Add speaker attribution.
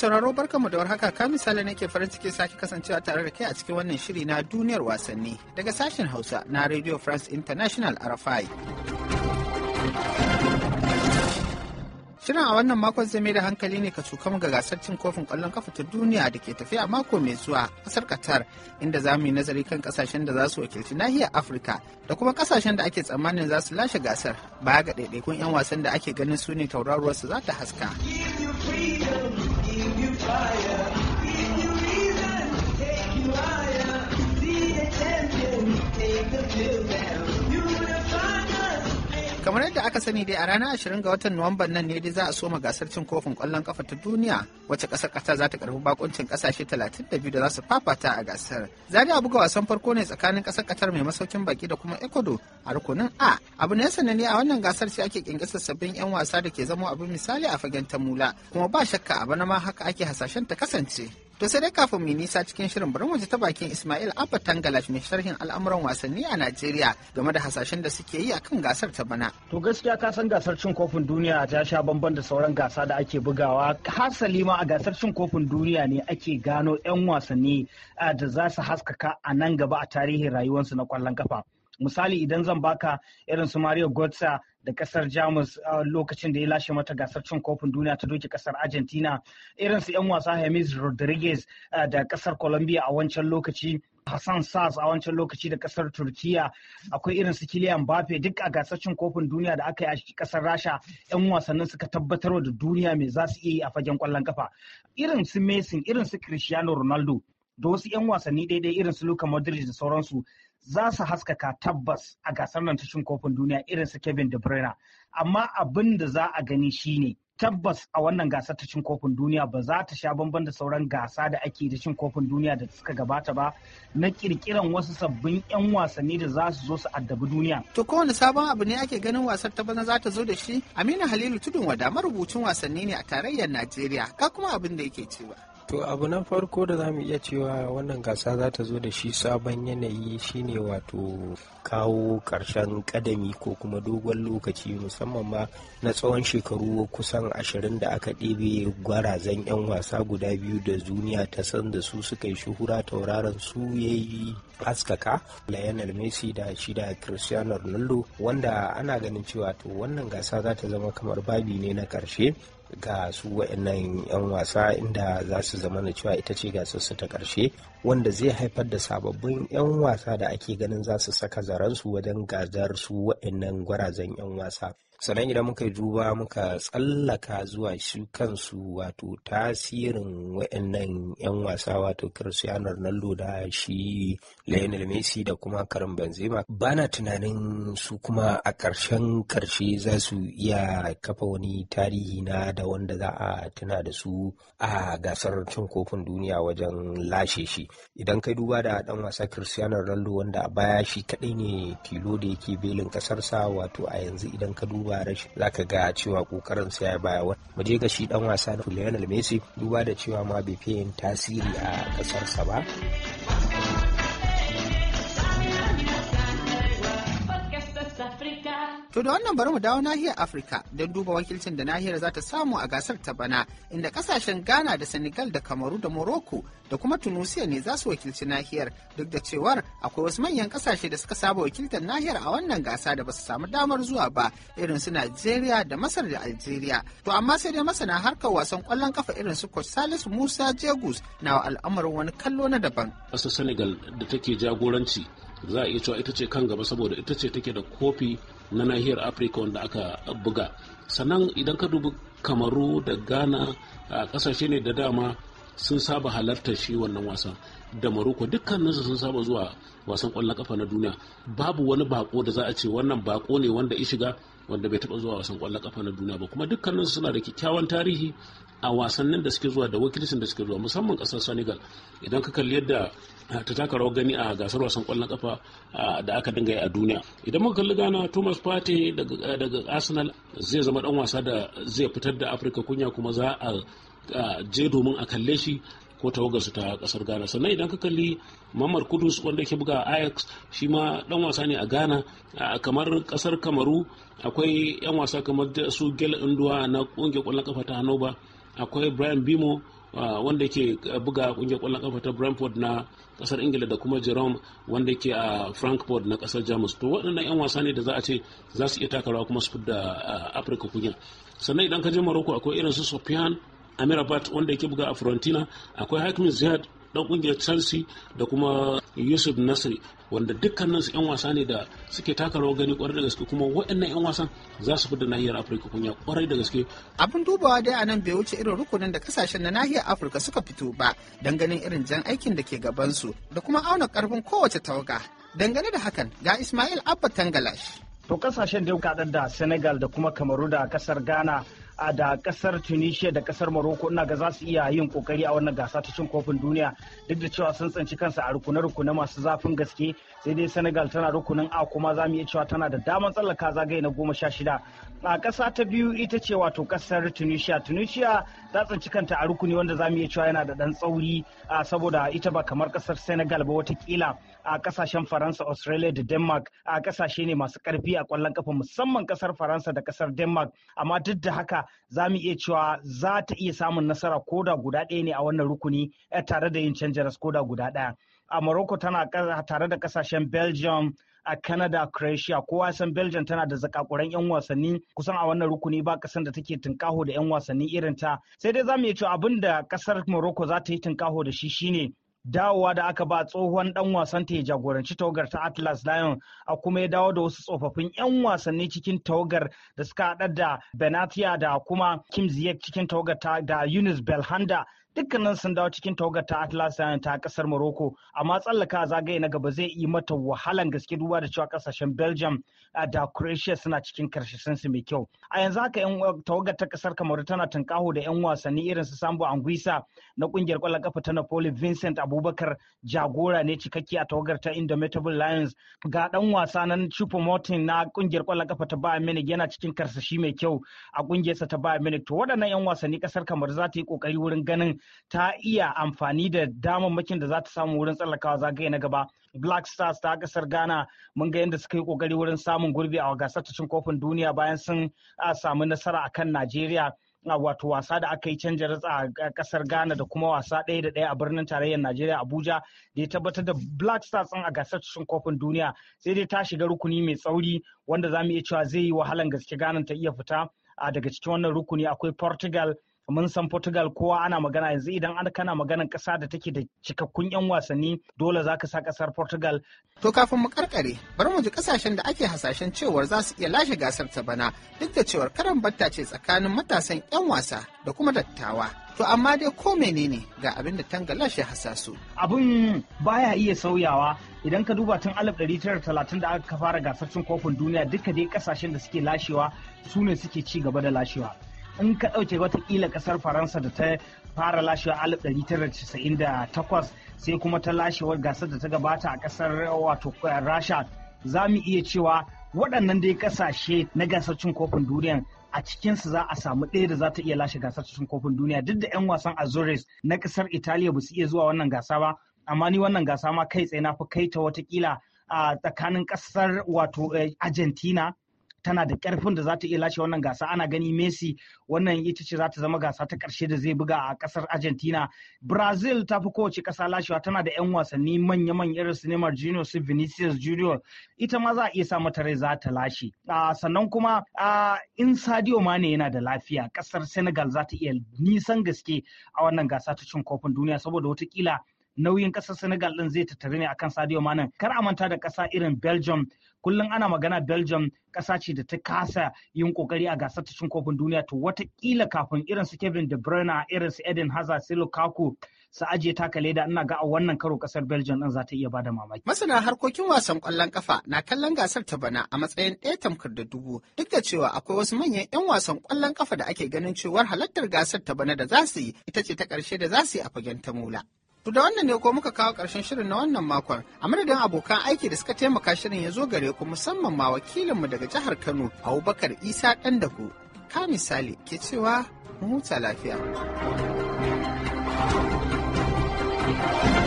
Speaker 1: sauraro barkanmu da warhaka ka misali nake farin ciki sake kasancewa tare da kai a cikin wannan shiri na duniyar wasanni daga sashen Hausa na Radio France International RFI. Shirin a wannan makon zai mai da hankali ne ka cukam ga gasar cin kofin kwallon kafa ta duniya da ke tafiya mako mai zuwa kasar Qatar inda za mu yi nazari kan kasashen da za su wakilci nahiyar Afirka da kuma kasashen da ake tsammanin za su lashe gasar baya ga ɗaiɗaikun 'yan wasan da ake ganin su ne tauraruwarsu za ta haska. fire. kamar yadda aka sani dai a ranar 20 ga watan nuwamban nan ne dai za a soma gasar cin kofin kwallon kafa ta duniya wacce kasar qatar za ta karbi bakuncin kasashe 32 da za su fafata a gasar za a buga wasan farko ne tsakanin kasar katar mai masaukin baki da kuma ecuador a rukunin a abu ne sananne a wannan gasar sai ake kinkisar sabbin yan wasa da ke zama abin misali a fagen ta mula kuma ba shakka a bana ma haka ake hasashen ta kasance To sai dai kafin mu nisa cikin shirin bari mu ji ta bakin Ismail Abba Tangalash mai sharhin al'amuran wasanni a Najeriya game da hasashen da suke yi akan gasar ta bana.
Speaker 2: To gaskiya ka san gasar cin kofin duniya ta sha bamban da sauran gasa da ake bugawa. Hasali ma a gasar cin kofin duniya ne ake gano 'yan wasanni da za su haskaka a nan gaba a tarihin rayuwarsu na kwallon kafa. misali idan zan baka irin su Mario Götze da kasar jamus lokacin da ya lashe mata gasar cin kofin duniya ta doke kasar argentina irin su 'yan wasa james rodriguez da kasar colombia a wancan lokaci Hassan Sars a wancan lokaci da kasar Turkiya akwai irin su Kylian Mbappe duk a gasar cin kofin duniya da aka yi a kasar Rasha yan wasannin suka tabbatar da duniya mai za su iya yi a fagen kwallon kafa irin su Messi irin su Cristiano Ronaldo da wasu yan wasanni daidai irin su Luka Modric da sauransu za su haskaka tabbas a gasar nan ta cin kofin duniya irin su Kevin De Bruyne amma abin da za a gani shine tabbas a wannan gasar ta cin kofin duniya ba za ta sha bamban da sauran gasa da ake da cin kofin duniya da suka gabata ba
Speaker 1: na kirkiran wasu sabbin 'yan wasanni da za su zo su addabi duniya. To kowane sabon abu ne ake ganin wasar ta bana za ta zo da shi? Aminu Halilu Tudun Wada marubucin wasanni ne a tarayyar Najeriya Ka kuma abin da yake cewa.
Speaker 3: To abu na farko da za mu iya cewa wannan gasa za ta zo da shi sabon yanayi shine wato kawo karshen kadami ko kuma dogon lokaci musamman ma na tsawon shekaru kusan ashirin da aka ɗebe gwarazan 'yan wasa guda biyu da duniya ta san da su suka yi shuhura tauraron su ya yi haskaka Lionel Messi da shi da Cristiano Ronaldo wanda ana ganin cewa to wannan gasa za ta zama kamar babi ne na karshe ga su waɗannan 'yan wasa inda za su zama na cewa ita ce gasarsu ta ƙarshe wanda zai haifar da sababbin 'yan wasa da ake ganin za su saka zaransu wajen gazar su waɗannan gwarazan 'yan wasa sannan idan muka duba muka tsallaka zuwa shi kansu wato tasirin wa'annan 'yan wasa wato cristiano ronaldo da shi lionel messi da kuma karim benzema bana tunanin su kuma a ƙarshen ƙarshe za su iya kafa wani tarihi na da wanda za a tuna da su a gasar cin kofin duniya wajen lashe shi idan kai duba da dan wasa cristiano ronaldo wanda a baya shi kaɗai ne tilo da yake belin ƙasarsa, wato a yanzu idan ka duba duba da zaka ga cewa kokarin sa ya baya wa muje je ga shi dan wasa da Lionel Messi duba da cewa ma bai fiye tasiri a kasarsa ba
Speaker 4: Africa
Speaker 1: To da wannan bari mu dawo nahiyar Afirka don duba wakilcin da nahiyar za ta samu a gasar ta bana inda kasashen Ghana da Senegal da Kamaru da Morocco da kuma Tunisia ne za su wakilci nahiyar duk da cewar akwai wasu manyan kasashe da suka saba wakiltar nahiyar a wannan gasa da ba su samu damar zuwa ba irin su Najeriya da Masar da Algeria. To amma sai dai masana harkar wasan kwallon
Speaker 4: kafa irin su Coach Salisu Musa Jegus na al'amarin wani kallo na daban. Ƙasar Senegal da take jagoranci za a iya cewa ita ce kan gaba saboda ita ce take da kofi na nahiyar afirka wanda aka buga sannan idan ka dubi kamaru da ghana a kasashe ne da dama sun saba halartar shi wannan wasan da maroko dukkaninsu sun saba zuwa wasan kwallon kafa na duniya babu wani bako da za a ce wannan bako ne wanda ya shiga wanda bai taɓa zuwa wasan kwallon kafa na duniya ba kuma dukkanin suna da kyakkyawan tarihi a wasannin da suke zuwa da wakilcin da suke zuwa musamman kasar senegal idan ka kalli yadda ah, ta taka rawar gani a gasar wasan kwallon kafa ah, da aka dinga yi a duniya idan muka kalli gana thomas partey ah, daga arsenal zai zama dan wasa da zai fitar da afirka kunya kuma za a je domin a kalle shi ko tawagarsu ta kasar ghana sannan idan ka kalli mamar kudus wanda ke buga ajax shi ma dan wasa ne a ghana kamar kasar kamaru akwai yan wasa kamar su gel induwa na kungiyar kwallon kafa ta hanoba akwai brian bimo wanda ke buga kungiyar kwallon kafa ta brentford na kasar ingila da kuma jerome wanda ke a frankfurt na kasar jamus to waɗannan 'yan wasa ne da za a ce za su iya takarawa kuma su fi da afirka kungiyar sannan idan ka je Maroko akwai irin su sofyan amirabat wanda yake buga a frontina akwai hakimin ziyad dan kungiyar chelsea da kuma yusuf nasri wanda dukkanin su 'yan wasa ne da suke taka rawar gani kwarai da gaske kuma waɗannan 'yan wasan za su fita nahiyar afirka kunya kwarai da gaske abin dubawa dai a nan bai wuce irin rukunin
Speaker 1: da kasashen na nahiyar afirka suka fito ba dangane irin jan aikin da ke gabansu da kuma auna karfin kowace tawaga dangane da hakan ga ismail abba tangalash to kasashen da
Speaker 2: ya da senegal da kuma kamaru da kasar ghana a da kasar tunisia da kasar morocco ina ga za su iya yin kokari a wannan gasa ta cin kofin duniya duk da cewa sun tsinci kansa a rukune rukune masu zafin gaske sai dai senegal tana rukunin a kuma za mu iya cewa tana da damar tsallaka zagaye na goma sha shida a kasa ta biyu ita ce wato kasar tunisia tunisia ta tsinci kanta a rukuni wanda za mu iya cewa yana da dan tsauri saboda ita ba kamar kasar senegal ba watakila a kasashen faransa australia da denmark a kasashe ne masu karfi a kwallon kafa musamman kasar faransa da kasar denmark amma duk da haka za mu iya cewa za ta iya samun nasara koda guda ɗaya ne a wannan rukuni eh, tare da yin canjaras koda guda ɗaya. A Morocco tana tare da kasashen Belgium, a Canada, Croatia, kowa san Belgium tana da zakakuran 'yan wasanni kusan a wannan rukuni ba kasan da take tunkaho da 'yan wasanni irin ta. Sai dai za mu iya cewa abin da kasar Morocco za ta yi tunkaho da shi shine dawowa da aka ba tsohon dan wasan ta ya jagoranci tawagar ta Atlas Lion a kuma ya dawo da wasu tsofaffin 'yan wasanni cikin tawagar da suka haɗa da Benatia da kuma Kim Ziyech cikin tawagar ta da Yunus Belhanda dukkanin sun dawo cikin tawagar ta Atlas ta kasar Morocco amma tsallaka zagaye na gaba zai yi mata wahalan gaske duba da cewa kasashen Belgium ah, da Croatia suna cikin karshen su mai kyau a yanzu haka yan tawagar ta kasar Kamaru tana tunkaho da yan wasanni irin su Sambo Anguissa na kungiyar kwallon kafa ta Napoli Vincent Abubakar jagora ne cikakke a tawagar ta Indomitable Lions ga dan wasa nan Chupo moting na kungiyar kwallon kafa ta Bayern Munich yana cikin karsashi mai kyau a kungiyarsa ta Bayern Munich to waɗannan yan wasanni kasar Kamaru za ta yi kokari wurin ganin ta iya amfani da damammakin da za ta samu wurin tsallakawa zagaye na gaba black stars ta kasar ghana mun ga yadda suka yi kokari wurin samun gurbi a gasar cin kofin duniya bayan sun samu nasara akan najeriya wato wasa da aka yi canja a kasar ghana da kuma wasa ɗaya da ɗaya a birnin tarayyar najeriya abuja da ya tabbatar da black stars a gasar cin kofin duniya sai dai ta shiga rukuni mai tsauri wanda za mu iya cewa zai yi wahalan gaske ghana ta iya fita daga cikin wannan rukuni akwai portugal mun san Portugal kowa ana magana yanzu idan an kana maganan ƙasa da take da cikakkun 'yan wasanni dole za ka sa
Speaker 1: ƙasar Portugal. To kafin mu karkare bari mu ji ƙasashen da ake hasashen cewar za su iya lashe gasar ta bana duk da cewar karan batta ce tsakanin matasan 'yan wasa da kuma dattawa. To amma dai ko menene ga abin da tanga lashe hasasu. Abin baya iya sauyawa
Speaker 2: idan ka duba tun 1930 da aka fara gasar cin kofin duniya duka dai kasashen da suke lashewa su ne suke ci gaba da lashewa. in ka ɗauke watakila ƙasar faransa da ta fara lashewa 1998 sai kuma ta lashewar gasar da ta gabata a ƙasar wato eh, rasha za mu iya cewa waɗannan dai ƙasashe na gasar cin kofin duniya a cikinsu za a samu ɗaya da za ta iya lashe gasar cin kofin duniya duk da 'yan wasan azores na ƙasar italiya ba su iya zuwa wannan gasa ba amma ni wannan gasa ma kai tsaye na fi kai ta watakila a tsakanin ƙasar wato eh, argentina tana da karfin da za ta iya lashe wannan gasa ana gani Messi wannan ita ce za ta zama gasa ta karshe da zai buga a kasar Argentina Brazil ta fi kowace kasa lashewa tana da 'yan wasanni manya manyan irin su Neymar Junior su Vinicius Junior ita ma za a iya sa mata rai za ta lashe sannan kuma in Sadio Mane yana da lafiya kasar Senegal za ta iya nisan gaske a wannan gasa ta cin kofin duniya saboda watakila nauyin ƙasar Senegal din zai tattare ne akan Sadio Mane kar a manta da kasa irin Belgium kullum ana magana belgium ƙasa ce da ta kasa yin kokari a gasar ta cin kofin duniya to watakila kafin irin su kevin de bruyne irin su eden hazard su lukaku su ajiye taka da ina ga a wannan karo kasar belgium din za ta iya bada
Speaker 1: mamaki masana harkokin wasan kwallon kafa na kallon gasar ta bana a matsayin ɗaya tamkar da dubu duk da cewa akwai wasu manyan 'yan wasan kwallon kafa da ake ganin cewar halartar gasar ta bana da za su yi ita ce ta ƙarshe da za su yi a fagen ta mula To da wannan ne ko muka kawo ƙarshen shirin na wannan makon a madadin abokan aiki da suka taimaka shirin ya zo gare ku musamman ma wakilinmu daga jihar Kano Abubakar Isa da ku. Ka misali ke cewa mu huta lafiya. thank you